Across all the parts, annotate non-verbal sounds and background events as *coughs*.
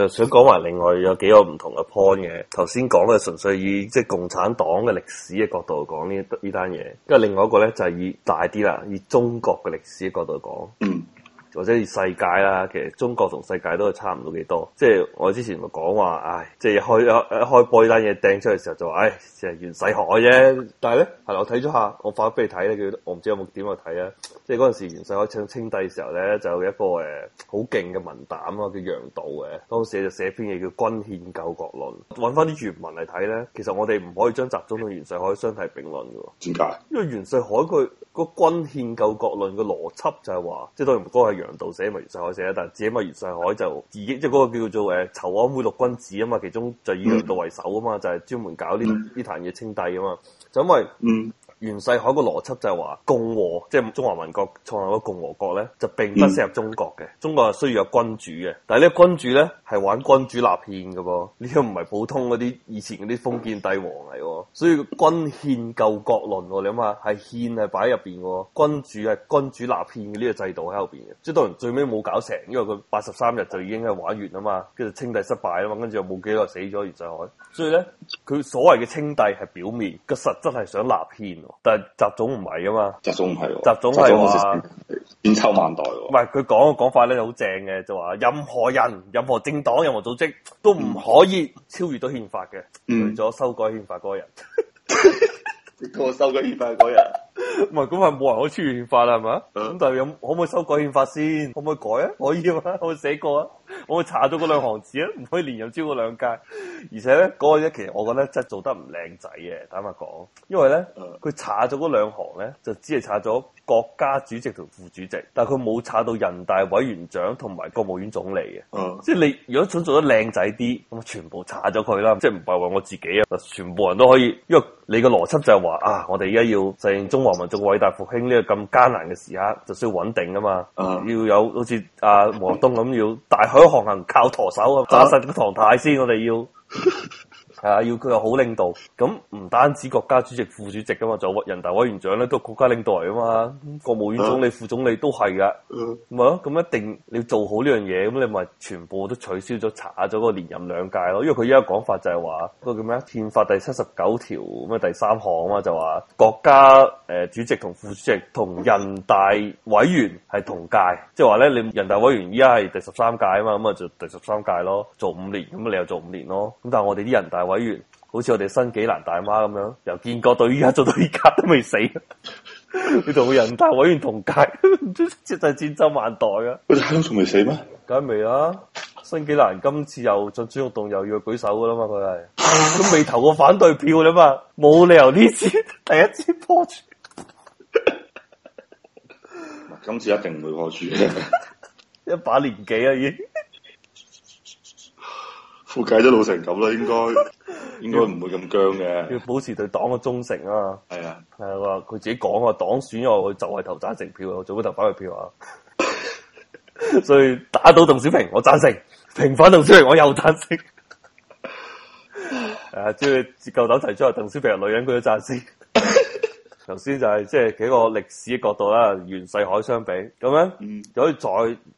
就想講埋另外有幾個唔同嘅 point 嘅，頭先講咧純粹以即係共產黨嘅歷史嘅角度講呢呢單嘢，跟住另外一個咧就係以大啲啦，以中國嘅歷史嘅角度講。 *coughs* 或者世界啦，其實中國同世界都係差唔到幾多，多。即係我之前咪講話，唉，即係開一開播呢單嘢掟出嚟嘅時候就話，唉，係袁世凱啫。但係咧，係啦，我睇咗下，我發俾你睇咧，我唔知有冇點去睇啊。即係嗰陣時袁世凱唱清帝嘅時候咧，就有一個誒好勁嘅文膽啊，叫楊度嘅。當時就寫篇嘢叫《君憲救國論》，揾翻啲原文嚟睇咧，其實我哋唔可以將集中到袁世凱相提並論嘅。點解？因為袁世凱佢個《君憲救國論》嘅邏輯就係話，即係當然唔該係。楊道寫為袁世凱寫，但係自己，因為袁世凱就自己即係嗰個叫做誒呃、籌安會六君子啊嘛，其中就以楊道為首啊嘛，就係、是、專門搞呢啲呢壇嘢稱帝啊嘛，就因為嗯。袁世凱個邏輯就係話共和，即係中華民國創立咗共和國咧，就並不適合中國嘅。中國係需要有君主嘅，但係呢個君主咧係玩君主立憲嘅噃，呢個唔係普通嗰啲以前嗰啲封建帝王嚟，所以君憲救國論，你諗下，係憲係擺喺入邊嘅，君主係君主立憲嘅呢個制度喺後邊嘅，即係當然最尾冇搞成，因為佢八十三日就已經係玩完啦嘛，跟住稱帝失敗啦嘛，跟住又冇幾耐死咗袁世凱，所以咧佢所謂嘅稱帝係表面，個實質係想立憲。但係習總唔係噶嘛，習總唔係，習總係話千秋萬代喎。唔係佢講嘅講法咧，好正嘅，就話任何人、任何政黨、任何組織都唔可以超越到憲法嘅，嗯、除咗修改憲法嗰人，只個、嗯、 *laughs* *laughs* 修改憲法嗰人。 *laughs* 唔係，咁係冇人可以出憲法啦，係嘛？咁但係有可唔可以修改憲法先？可唔可以改啊？可以啊，我寫過啊，我查咗嗰兩行字啊，唔 *laughs* 可以連任超過兩屆。而且咧，嗰、那個嘢其實我覺得真係做得唔靚仔嘅，坦白講。因為咧，佢查咗嗰兩行咧，就只係查咗國家主席同副主席，但係佢冇查到人大委員長同埋國務院總理嘅。 *laughs* 即係你如果想做得靚仔啲，咁啊全部查咗佢啦，即係唔係為我自己啊？全部人都可以，因為你個邏輯就係話啊，我哋而家要實現中民族偉大復興呢個咁艱難嘅時刻，就需要穩定啊嘛，uh huh. 要有好似阿毛澤東咁要大海航行，行靠舵手啊，紮實、uh huh. 個唐太先，我哋要。 *laughs* 係啊，要佢係好領導，咁唔單止國家主席、副主席噶嘛，仲有人大委員長咧都係國家領導嚟啊嘛，國務院總理、副總理都係噶，咪咯、嗯，咁一定你做好呢樣嘢，咁你咪全部都取消咗查咗嗰連任兩屆咯，因為佢依家講法就係話嗰個叫咩啊，憲法第七十九條咩第三項啊嘛，就話國家誒主席同副主席同人大委員係同屆，即係話咧你人大委員依家係第十三屆啊嘛，咁啊就第十三屆咯，做五年，咁啊你又做五年咯，咁但係我哋啲人大委員。委員好似我哋申紀蘭大媽咁樣，由建國到依家做到依家都未死， *laughs* 你同個人大委員同屆，唔知真係千秋萬代啊！佢仲未死咩？梗係未啦！申紀蘭今次又進專務動，又，又要舉手噶啦嘛，佢係都未投過反對票啦嘛，冇理由呢次第一次破處， *laughs* *laughs* 今次一定唔會破處 *laughs* *laughs* 一把年紀啦、啊、已經。 *laughs* 副計都老成咁啦，應該應該唔會咁僵嘅。要保持對黨嘅忠誠啊！係啊，係啊，佢自己講啊，黨選我，我就係投贊成票啊，做乜投反對票啊？所以打倒鄧小平，我贊成；平反鄧小平，我又贊成。誒、 *laughs* *laughs* 啊，即係夠膽提出，鄧小平係女人，佢都贊先。 *laughs* 頭先就係、是、即係幾個歷史角度啦，袁世凱相比咁樣樣，嗯、就可以再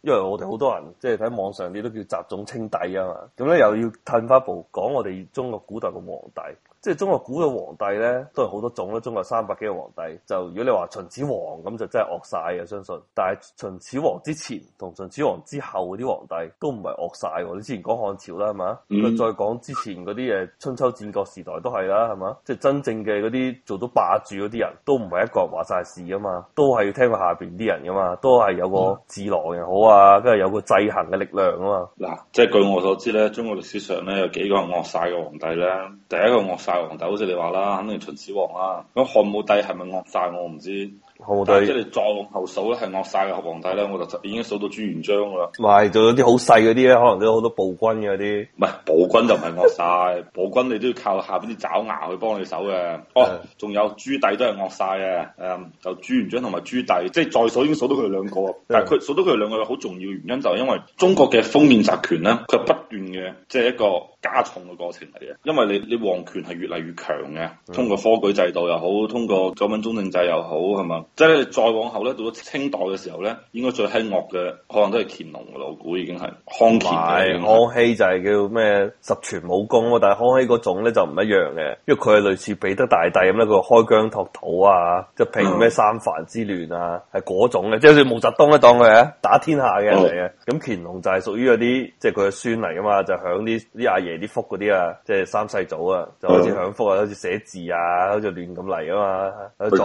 因為我哋好多人即係喺網上你都叫習總稱帝啊嘛，咁咧又要褪返步講我哋中國古代嘅皇帝。即係中國古嘅皇帝咧，都係好多種咯。中國三百幾個皇帝，就如果你話秦始皇咁，就真係惡晒嘅，相信。但係秦始皇之前同秦始皇之後嗰啲皇帝，都唔係惡晒。你之前講漢朝啦，係嘛？嗯、再講之前嗰啲嘢，春秋戰國時代都係啦，係嘛？即係真正嘅嗰啲做到霸主嗰啲人，都唔係一個人話晒事噶嘛，都係要聽佢下邊啲人噶嘛，都係有個智囊嘅好啊，跟住、嗯、有個制衡嘅力量啊嘛。嗱、嗯，即係據我所知咧，中國歷史上咧有幾個人惡晒嘅皇帝咧，第一個惡晒大皇帝好似你話啦，肯定秦始皇啦，啊。咁漢武帝係咪惡晒？我唔知。漢武帝即係你再往後數咧，係惡晒嘅皇帝咧，我就已經數到朱元璋啦。唔係，有啲好細嗰啲咧，可能都有好多暴君嘅啲。唔係暴君就唔係惡晒，暴 *laughs* 君你都要靠下邊啲爪牙去幫你手嘅。的哦，仲有朱棣都係惡晒嘅，誒、嗯，就朱元璋同埋朱棣，即係再數已經數到佢哋兩個。的但係佢數到佢哋兩個好重要原因，就係因為中國嘅封建集權咧，佢不斷嘅即係一個。加重嘅過程嚟嘅，因為你你皇權係越嚟越強嘅，通過科舉制度又好，通過九品中正制又好，係嘛？即係你再往後咧，到咗清代嘅時候咧，應該最興惡嘅，可能都係乾隆咯，我估已經係康乾。康熙就係叫咩十全武功咯，但係康熙嗰種咧就唔一樣嘅，因為佢係類似彼得大帝咁咧，佢開疆拓土啊，即就平咩三藩之亂啊，係嗰 *laughs* 種咧，即係毛澤東一當佢啊，打天下嘅人嚟嘅。咁 *laughs* 乾隆就係屬於嗰啲，即係佢嘅孫嚟噶嘛，就響啲啲阿爺嚟啲福嗰啲啊，即係三世祖啊，就好似享福啊，嗯、好似寫字啊，好似亂咁嚟啊嘛，係啊對，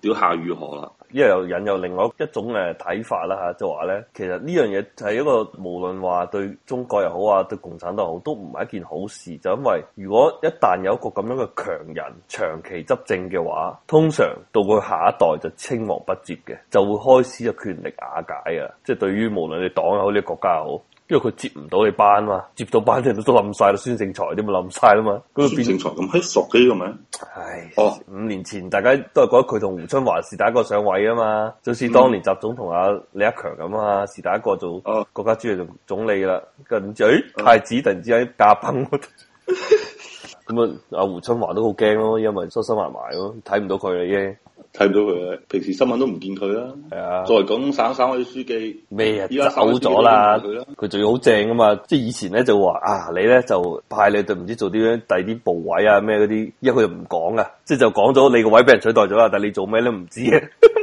屌詞下雨河啦，因為又引誘另外一種誒睇法啦吓，就話咧，其實呢樣嘢就係一個無論話對中國又好啊，對共產黨好，都唔係一件好事，就因為如果一旦有一個咁樣嘅強人長期執政嘅話，通常到佢下一代就青黃不接嘅，就會開始就權力瓦解啊，即係對於無論你黨又好，你、這個、國家又好。因為佢接唔到你班嘛，接到班啲人都冧晒啦，孫政才啲咪冧晒啦嘛，咁孫政才咁喺傻機噶咩？唉，哦，五年前大家都係覺得佢同胡春華是第一個上位啊嘛，就好似當年習總同阿李克強咁啊，是第一個做國家主席同總理啦，跟住誒太子突然之間駕崩，咁啊阿胡春華都好驚咯，因為收收埋埋咯，睇唔到佢啦已經。睇唔到佢啊！平時新聞都唔見佢啦，係啊。作為廣東省省委書記咩啊，走咗啦。佢啦，佢仲要好正噶嘛。即係以前咧就話啊，你咧就派你對、啊、就唔知做啲樣第二啲部委啊咩嗰啲，因佢又唔講噶，即係就講咗你個位俾人取代咗啦。但係你做咩咧唔知，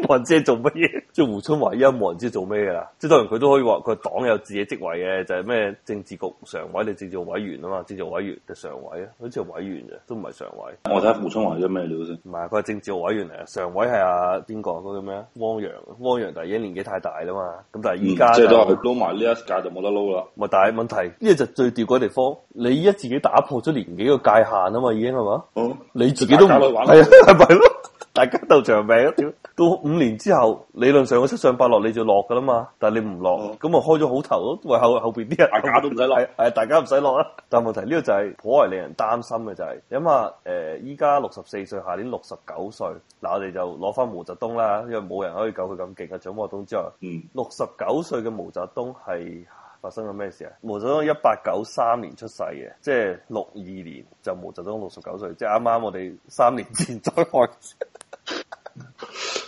冇人知做乜嘢。即係胡春華依家冇人知做咩噶啦。即係當然佢都可以話佢黨有自己職位嘅，就係、是、咩政治局常委定政治委員啊嘛，政治委員定常委啊，好似係委員咋，都唔係常委。委常委我睇胡春華係咩料先？唔係，佢係政治委員嚟啊。常委係啊，邊個嗰個咩啊？汪洋，汪洋但係已經年紀太大啦嘛，咁但係而家即係都係撈埋呢一屆就冇得撈啦。唔但係問題呢個就最吊嗰地方，你依家自己打破咗年紀個界限啊嘛，已經係嘛，哦，嗯、你自己都唔係啊，係咪咯？ *laughs* 大家都長命，到五年之後理論上個七上八落你就落噶啦嘛，但係你唔落，咁啊、嗯、開咗好頭，為後後邊啲人大， *laughs* 大家都唔使落，係大家唔使落啦。但係問題呢個就係頗為令人擔心嘅，就係、是，諗下誒依家六十四歲，下年六十九歲，嗱我哋就攞翻毛澤東啦，因為冇人可以夠佢咁勁嘅。蔣毛澤東之外，六十九歲嘅毛澤東係發生咗咩事啊？毛澤東一八九三年出世嘅，即係六二年就毛澤東六十九歲，即係啱啱我哋三年前災害。 *laughs* *laughs*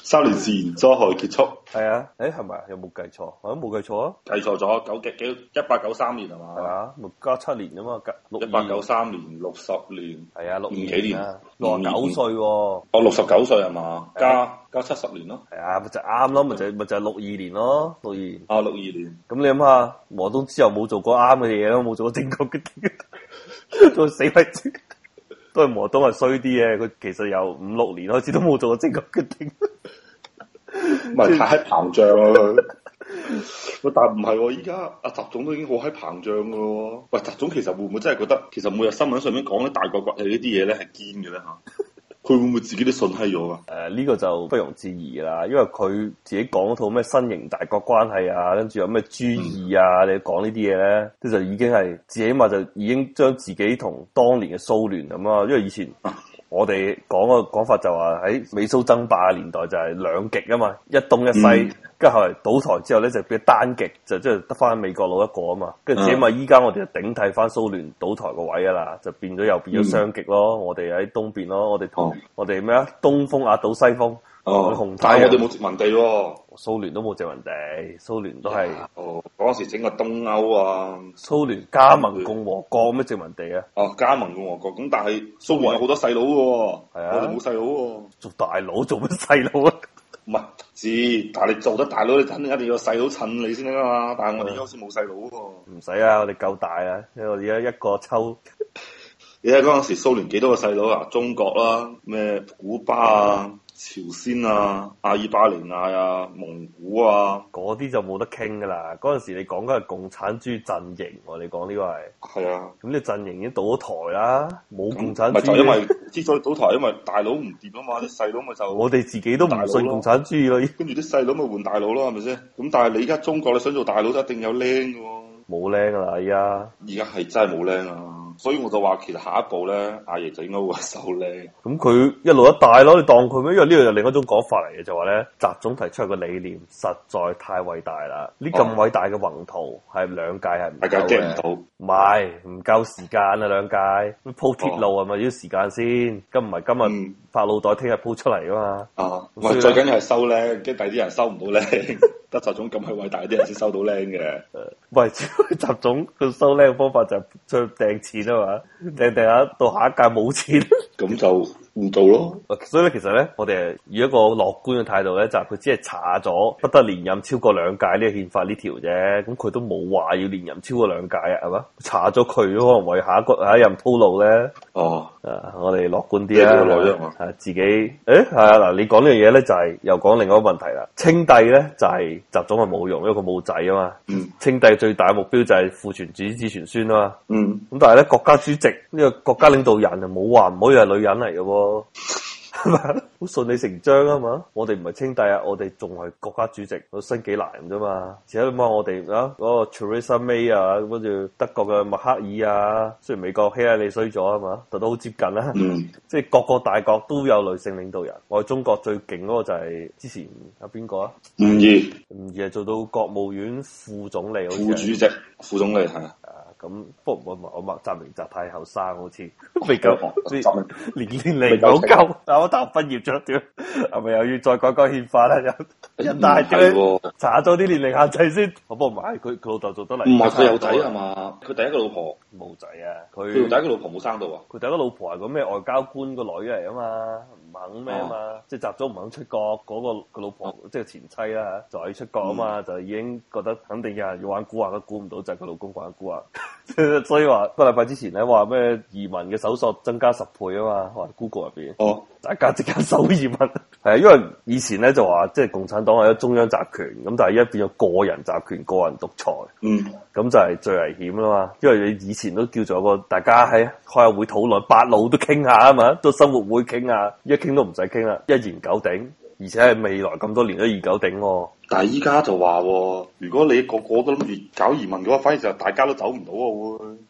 三年自然災害結束，係啊，誒係咪有冇計錯？我都冇計錯啊，計錯咗九幾幾一八九三年係嘛？係啊，咪加七年啊嘛，一八九三年六十年，係啊六、啊、幾年啊？六九歲喎，哦六十九歲係嘛？加加七十年咯，係啊，咪就啱咯，咪就咪就六二年咯，六二年？啊六二年，咁你諗下，毛澤東之後冇做過啱嘅嘢咯，冇做咗正確嘅決定，都係死鬼，都係毛東係衰啲嘅，佢其實由五六年開始都冇做咗正確決定。唔係太膨脹咯， *laughs* *laughs* *laughs* 但唔係依家阿習總都已經好喺膨脹噶喎。喂，習總其實會唔會真係覺得，其實每日新聞上面講啲大國崛起呢啲嘢咧係堅嘅咧嚇？佢 *laughs* 會唔會自己都信閪咗啊？誒、呃、呢、這個就不容置疑啦，因為佢自己講套咩新型大國關係啊，跟住有咩 G 二啊，嗯、你講呢啲嘢咧，即就已經係自己起碼就已經將自己同當年嘅蘇聯咁啊，因為以前。 *laughs* 我哋講個講法就話喺美蘇爭霸嘅年代就係兩極啊嘛，一東一西，跟住，嗯、後嚟倒台之後咧就變成單極，就即係得翻美國佬一個啊嘛，跟住起碼依家我哋就頂替翻蘇聯倒台個位啊啦，就變咗又變咗雙極咯，嗯、我哋喺東邊咯，我哋同，哦、我哋咩啊，東風壓倒西風。哦、嗯，但係我哋冇殖民地喎、哦，蘇聯都冇殖民地，蘇聯都係、啊。哦，嗰陣時整個東歐啊，蘇聯加盟共和國咩殖民地啊？哦、啊，加盟共和國，咁但係蘇聯有好多細佬嘅喎，啊、我哋冇細佬喎，做大佬做乜細佬啊？唔係，是，但係你做得大佬，你肯定一定要細佬襯你先得嘛。但係我哋嗰陣時冇細佬喎，唔使啊，我哋夠大啊，因為我哋而家一個抽， *laughs* 你睇嗰陣時蘇聯幾多個細佬啊？中國啦、啊，咩古巴啊？朝鮮啊、阿爾巴尼亞啊、蒙古啊，嗰啲就冇得傾噶啦。嗰陣時你講緊係共產主義陣營，我哋講呢個係。係啊，咁你、啊、你陣營已經倒咗台啦，冇共產主義、嗯、就因為之所以倒台，因為大佬唔掂啊嘛，啲細佬咪就我哋自己都唔信共產主義咯，跟住啲細佬咪換大佬咯，係咪先？咁但係你而家中國你想做大佬，就一定有靚嘅喎。冇靚噶啦，而家。而家係真係冇靚啊！所以我就話其實下一步咧，阿爺就應該會收靚。咁佢、嗯、一路一帶咯，你當佢咩？因為呢樣有另一種講法嚟嘅，就話咧，習總提出個理念實在太偉大啦。呢咁偉大嘅宏圖係兩屆，係唔係驚唔到，唔係唔夠時間啊兩屆？鋪鐵路係咪要時間先？咁唔係今日拍腦袋聽日鋪出嚟啊嘛。啊，唔係最緊要係收靚，驚第啲人收唔到靚。 *laughs* 得習總咁係偉大啲人先收到靚嘅， *laughs* 喂，係習總佢收靚嘅方法就出去掟錢啊嘛，掟掟下到下一屆冇錢，咁 *laughs* 就。唔到咯，所以咧，其實咧，我哋以一個樂觀嘅態度咧，就佢、是、只係查咗不得連任超過兩屆呢個憲法呢條啫，咁佢都冇話要連任超過兩屆啊，係嘛？查咗佢可能為下一個下一任鋪路咧。哦、啊，誒、啊，我哋樂觀啲啊，啊，自己誒，係、欸、啊，嗱，你講呢樣嘢咧，就係、是、又講另外一個問題啦。稱帝咧就係習總咪冇用，因為佢冇仔啊嘛。嗯、稱帝最大目標就係父傳子，子傳孫啊嘛。嗯，咁但係咧，國家主席呢、這個國家領導人就冇話唔可以係女人嚟嘅喎。係嘛？好順理成章啊嘛。我哋唔係清帝啊，我哋仲係國家主席，升幾難啫嘛。而且你話我哋啊嗰個 Theresa May 啊，跟住德國嘅默克爾啊，雖然美國希拉里衰咗啊嘛，都好接近啦，啊。嗯、即係各個大國都有女性領導人。我哋中國最勁嗰個就係之前阿邊個啊？吳儀，吳儀係做到國務院副總理，副主席，副總理吓。咁，不過我我習明澤就太後生，好似未夠，即係年齡嚟講夠，但我大學畢業著著，係咪又要再改改憲法啦？又一大堆查咗啲年齡限制先，我幫埋佢。佢老豆做得嚟，唔係佢有仔啊嘛？佢第一個老婆冇仔啊，佢第一個老婆冇生到啊，佢第一個老婆係個咩外交官個女嚟啊嘛？唔肯咩啊嘛，即係集咗唔肯出國，嗰、那個佢老婆即係前妻啦、啊，就喺出國啊嘛，嗯、就已經覺得肯定有人要玩蠱惑，都估唔到就係佢老公玩蠱惑， *laughs* 所以話個禮拜之前咧話咩移民嘅搜索增加十倍啊嘛，話 Google 入邊，哦，大家即刻搜移民。 *laughs* 誒，因為以前咧就話即係共產黨係一中央集權，咁但係依家變咗個人集權、個人獨裁，咁、嗯、就係最危險啦嘛。因為以前都叫做個大家喺開下會討論，八路都傾下啊嘛，都生活會傾下，一傾都唔使傾啦，一言九鼎。而且係未來咁多年都一言九鼎、啊。但係依家就話，如果你個個都諗住搞移民嘅話，反而就大家都走唔到啊！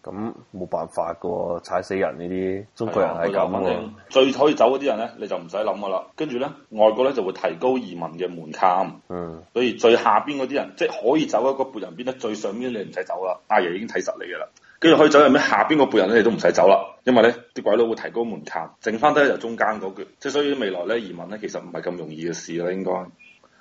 咁冇、嗯、辦法噶，踩死人呢啲中國人係咁樣，反正最可以走嗰啲人咧，你就唔使諗噶啦。跟住咧，外國咧就會提高移民嘅門檻。嗯，所以最下邊嗰啲人，即係可以走一個半人邊，變得最上邊你唔使走啦。阿爺已經睇實你噶啦，跟住可以走入邊下邊個半人咧，你都唔使走啦，因為咧啲鬼佬會提高門檻，剩翻得就中間嗰個。即係所以未來咧，移民咧其實唔係咁容易嘅事啦，應該。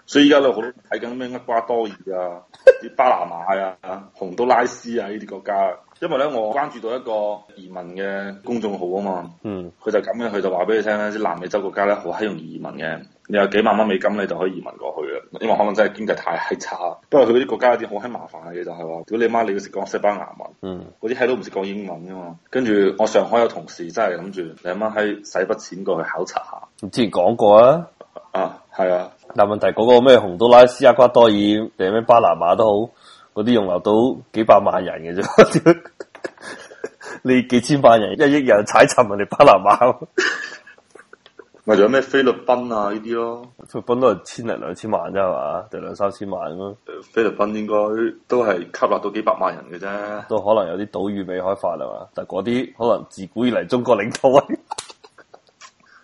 所以依家咧好睇緊咩厄瓜多爾啊、啲巴拿馬啊、洪都拉斯啊呢啲國家，因為咧我關注到一個移民嘅公眾號啊嘛，嗯，佢就咁樣，佢就話俾你聽咧，啲南美洲國家咧好閪容易移民嘅，你有幾萬蚊美金你就可以移民過去啊。因為可能真係經濟太閪差，不過佢啲國家有啲好閪麻煩嘅嘢就係話，屌你媽你要識講西班牙文，嗯，嗰啲閪都唔識講英文噶嘛，跟住我上海有同事真係諗住，你阿媽閪使筆錢過去考察下。之前講過啊，啊係啊。嗱，但問題嗰個咩洪都拉斯、阿瓜多爾定咩巴拿馬都好，嗰啲容留到幾百萬人嘅啫，你幾千萬人一億人踩沉人哋巴拿馬，咪仲有咩菲律賓啊呢啲咯？菲律賓都係千嚟兩千萬啫嘛，定兩三千萬咁咯。菲律賓應該都係吸納到幾百萬人嘅啫，都可能有啲島嶼未開發啊嘛，但係嗰啲可能自古以嚟中國領土啊。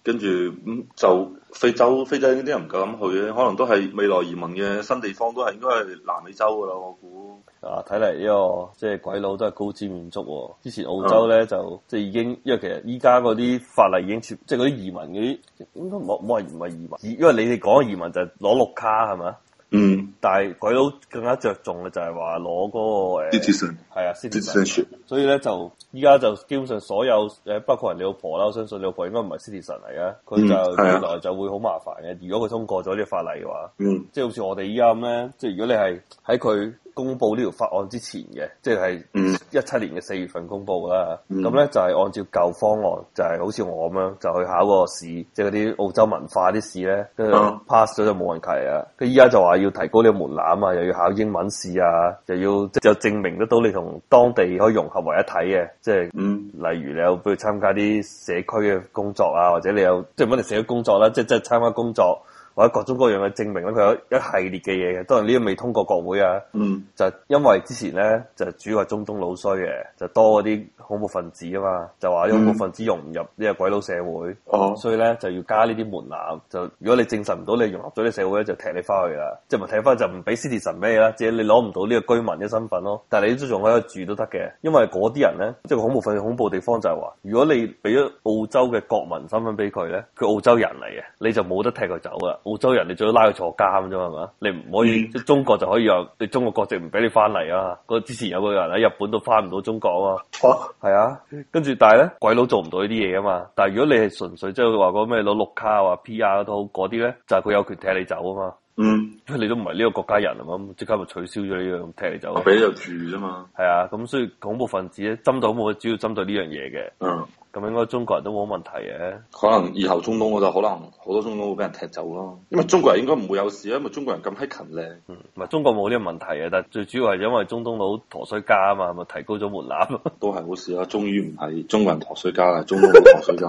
跟住咁就，非洲，非洲呢啲人唔夠膽去咧，可能都係未來移民嘅新地方，都係應該係南美洲噶啦，我估。啊，睇嚟呢個即係鬼佬都係高枝滿足喎。之前澳洲咧、嗯、就即係已經，因為其實依家嗰啲法例已經設，即係嗰啲移民嗰啲應該冇冇係唔係移民移，因為你哋講移民就係攞綠卡係咪？嗯，但係佢都更加着重嘅就係話攞嗰個誒，係 citizen、呃、啊，citizen, citizen。所以咧就依家就基本上所有誒，包括人哋老婆啦，我相信你老婆應該唔係 citizen 嚟嘅，佢就未、嗯、來就會好麻煩嘅。嗯、如果佢通過咗呢個法例嘅話，嗯、即係好似我哋依家咁咧，即係如果你係喺佢。公布呢條法案之前嘅，即係一七年嘅四月份公布啦。咁咧、嗯、就係、是、按照舊方案，就係、是、好似我咁樣，就去考個試，即係嗰啲澳洲文化啲試咧，跟住、嗯、pass 咗就冇問題啊。佢依家就話要提高啲門檻啊，又要考英文試啊，又要就證明得到你同當地可以融合為一體嘅，即係、嗯、例如你有譬如參加啲社區嘅工作啊，或者你有即係乜嘢社區工作啦，即係即係參加工作。有各種各樣嘅證明，佢有一系列嘅嘢嘅。當然呢個未通過國會啊，嗯、就因為之前咧就主要係中東老衰嘅，就多嗰啲恐怖分子啊嘛，就話有恐怖分子融唔入呢個鬼佬社會，嗯、所以咧就要加呢啲門檻。就如果你證實唔到你融合咗呢個社會咧，就踢你翻去啦。即係唔踢翻就唔俾 citizen 咩啦，即係你攞唔到呢個居民嘅身份咯。但係你都仲可以住都得嘅，因為嗰啲人咧即係恐怖分恐怖地方就係話，如果你俾咗澳洲嘅國民身份俾佢咧，佢澳洲人嚟嘅，你就冇得踢佢走噶。澳洲人你最好拉佢坐監啫嘛，你唔可以，嗯、中國就可以又，你中國國籍唔俾你翻嚟啊！個之前有個人喺日本都翻唔到中國嘛啊，係啊，跟住但係咧，鬼佬做唔到呢啲嘢啊嘛。但係如果你係純粹即係話嗰咩攞綠卡啊、PR 都好嗰啲咧，就係、是、佢有權踢你走啊嘛。嗯，你都唔係呢個國家人啊嘛，即刻就取消咗呢樣踢走，我俾就住啫嘛。係啊，咁所以恐怖分子咧針對冇主要針對呢樣嘢嘅。嗯，咁應該中國人都冇問題嘅，嗯。可能以後中東我就可能好多中東會俾人踢走咯。因為中國人應該唔會有事啊，因為中國人咁閪勤力。唔係、嗯、中國冇呢個問題嘅，但係最主要係因為中東佬陀衰家啊嘛，咪提高咗門檻。都係好事啊！終於唔係中國人陀衰家啦，中東佬陀衰家。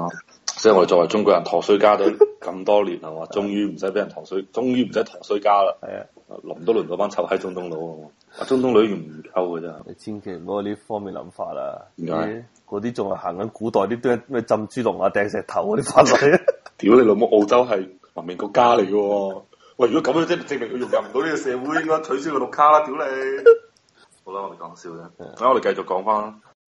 即 *laughs* 係我哋作為中國人陀衰家。都。咁多年係嘛，終於唔使俾人糖水，終於唔使糖水加啦。係啊，輪都輪到班臭閪中東佬啊！中東佬完唔夠咋。你千祈唔好呢方面諗法啦。唔該，嗰啲仲係行緊古代啲咩浸豬籠啊、掟石頭嗰啲法例。屌你老母！澳洲係文明國家嚟㗎。喂，如果咁樣即證明佢融入唔到呢個社會，應該取消佢綠卡啦！屌你。好啦，我哋講笑啫。咁我哋繼續講翻。